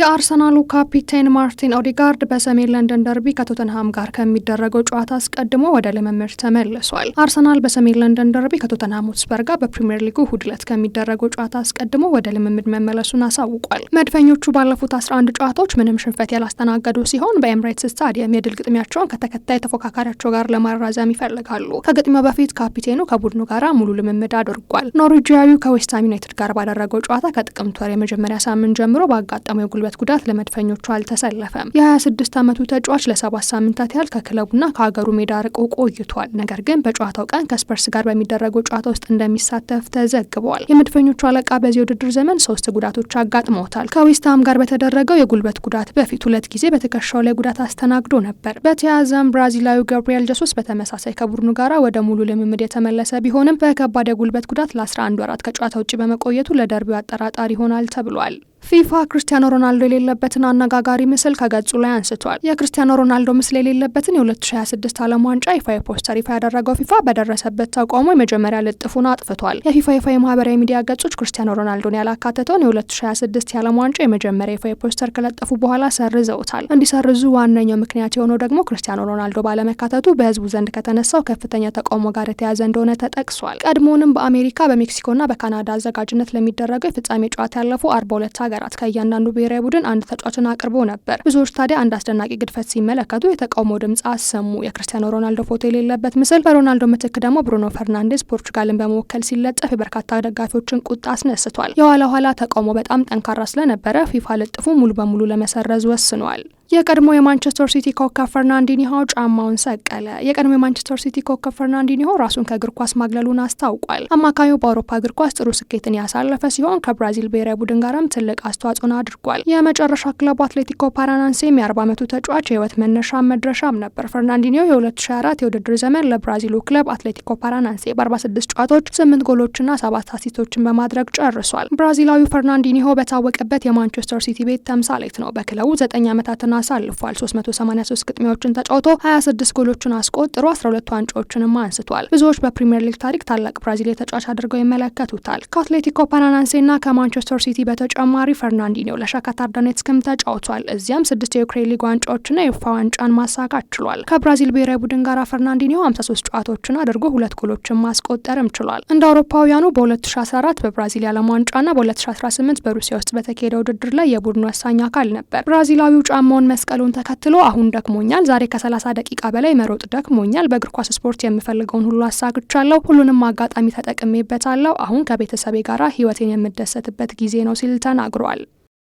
የአርሰናሉ ካፒቴን ማርቲን ኦዲጋርድ በሰሜን ለንደን ደርቢ ከቶተንሃም ጋር ከሚደረገው ጨዋታ አስቀድሞ ወደ ልምምድ ተመልሷል። አርሰናል በሰሜን ለንደን ደርቢ ከቶተንሃም ሆትስፐር ጋር በፕሪምየር ሊጉ እሁድ ዕለት ከሚደረገው ጨዋታ አስቀድሞ ወደ ልምምድ መመለሱን አሳውቋል። መድፈኞቹ ባለፉት 11 ጨዋታዎች ምንም ሽንፈት ያላስተናገዱ ሲሆን በኤምሬትስ ስታዲየም የድል ግጥሚያቸውን ከተከታይ ተፎካካሪያቸው ጋር ለማራዘም ይፈልጋሉ። ከግጥሚያው በፊት ካፒቴኑ ከቡድኑ ጋር ሙሉ ልምምድ አድርጓል። ኖርዌጂያዊው ከዌስትሃም ዩናይትድ ጋር ባደረገው ጨዋታ ከጥቅምት ወር የመጀመሪያ ሳምንት ጀምሮ ባጋጠመው የጉልበት ጉዳት ለመድፈኞቹ አልተሰለፈም። የ26 ዓመቱ ተጫዋች ለሰባት ሳምንታት ያህል ከክለቡና ከሀገሩ ሜዳ ርቆ ቆይቷል። ነገር ግን በጨዋታው ቀን ከስፐርስ ጋር በሚደረገው ጨዋታ ውስጥ እንደሚሳተፍ ተዘግቧል። የመድፈኞቹ አለቃ በዚህ ውድድር ዘመን ሶስት ጉዳቶች አጋጥመውታል። ከዌስትሃም ጋር በተደረገው የጉልበት ጉዳት በፊት ሁለት ጊዜ በትከሻው ላይ ጉዳት አስተናግዶ ነበር። በተያያዘም ብራዚላዊ ገብርኤል ጀሶስ በተመሳሳይ ከቡድኑ ጋራ ወደ ሙሉ ልምምድ የተመለሰ ቢሆንም በከባድ የጉልበት ጉዳት ለ11 ወራት ከጨዋታ ውጭ በመቆየቱ ለደርቢው አጠራጣሪ ይሆናል ተብሏል። ፊፋ ክርስቲያኖ ሮናልዶ የሌለበትን አነጋጋሪ ምስል ከገጹ ላይ አንስቷል። የክርስቲያኖ ሮናልዶ ምስል የሌለበትን የ2026 ዓለም ዋንጫ ይፋ ፖስተር ይፋ ያደረገው ፊፋ በደረሰበት ተቃውሞ የመጀመሪያ ልጥፉን አጥፍቷል። የፊፋ ይፋ የማህበራዊ ሚዲያ ገጾች ክርስቲያኖ ሮናልዶን ያላካተተውን የ2026 የዓለም ዋንጫ የመጀመሪያ ይፋ ፖስተር ከለጠፉ በኋላ ሰርዘውታል። እንዲሰርዙ ዋነኛው ምክንያት የሆነው ደግሞ ክርስቲያኖ ሮናልዶ ባለመካተቱ በህዝቡ ዘንድ ከተነሳው ከፍተኛ ተቃውሞ ጋር የተያዘ እንደሆነ ተጠቅሷል። ቀድሞውንም በአሜሪካ በሜክሲኮና በካናዳ አዘጋጅነት ለሚደረገው የፍጻሜ ጨዋታ ያለፉ 42 ። ሀገራት ከእያንዳንዱ ብሔራዊ ቡድን አንድ ተጫዋችን አቅርቦ ነበር። ብዙዎች ታዲያ አንድ አስደናቂ ግድፈት ሲመለከቱ የተቃውሞ ድምፅ አሰሙ። የክርስቲያኖ ሮናልዶ ፎቶ የሌለበት ምስል በሮናልዶ ምትክ ደግሞ ብሩኖ ፈርናንዴዝ ፖርቹጋልን በመወከል ሲለጠፍ የበርካታ ደጋፊዎችን ቁጣ አስነስቷል። የኋላ ኋላ ተቃውሞ በጣም ጠንካራ ስለነበረ ፊፋ ልጥፉ ሙሉ በሙሉ ለመሰረዝ ወስኗል። የቀድሞ የማንቸስተር ሲቲ ኮከብ ፈርናንዲኒሆ ጫማውን ሰቀለ። የቀድሞ የማንቸስተር ሲቲ ኮከብ ፈርናንዲኒሆ ራሱን ከእግር ኳስ ማግለሉን አስታውቋል። አማካዩ በአውሮፓ እግር ኳስ ጥሩ ስኬትን ያሳለፈ ሲሆን ከብራዚል ብሔራዊ ቡድን ጋርም ትልቅ አስተዋጽኦን አድርጓል። የመጨረሻ ክለቡ አትሌቲኮ ፓራናንሴም የ40 ዓመቱ ተጫዋች የህይወት መነሻ መድረሻም ነበር። ፈርናንዲኒሆ የ የ204 የውድድር ዘመን ለብራዚሉ ክለብ አትሌቲኮ ፓራናንሴ በ46 ጨዋታዎች 8 ጎሎችና 7 አሲቶችን በማድረግ ጨርሷል። ብራዚላዊ ፈርናንዲኒሆ በታወቀበት የማንቸስተር ሲቲ ቤት ተምሳሌት ነው። በክለቡ 9 ዓመታትና አሳልፏል። 383 ግጥሚያዎችን ተጫውቶ 26 ጎሎችን አስቆጥሮ 12 ዋንጫዎችንም አንስቷል። ብዙዎች በፕሪምየር ሊግ ታሪክ ታላቅ ብራዚል ተጫዋች አድርገው ይመለከቱታል። ከአትሌቲኮ ፓናናንሴና ከማንቸስተር ሲቲ በተጨማሪ ፈርናንዲኒው ለሻካታር ዶኔትስክም ተጫውቷል። እዚያም ስድስት የዩክሬን ሊግ ዋንጫዎችና የውፋ ዋንጫን ማሳካት ችሏል። ከብራዚል ብሔራዊ ቡድን ጋር ፈርናንዲኒዮ 53 ጨዋታዎችን አድርጎ ሁለት ጎሎችን ማስቆጠርም ችሏል። እንደ አውሮፓውያኑ በ2014 በብራዚል የዓለም ዋንጫና በ2018 በሩሲያ ውስጥ በተካሄደ ውድድር ላይ የቡድኑ ወሳኝ አካል ነበር። ብራዚላዊው ጫማውን ሰለሞን መስቀሉን ተከትሎ አሁን ደክሞኛል፣ ዛሬ ከ30 ደቂቃ በላይ መሮጥ ደክሞኛል፣ በእግር ኳስ ስፖርት የምፈልገውን ሁሉ አሳግቻለሁ፣ ሁሉንም አጋጣሚ ተጠቅሜበታለሁ፣ አሁን ከቤተሰቤ ጋራ ህይወቴን የምደሰትበት ጊዜ ነው ሲል ተናግሯል።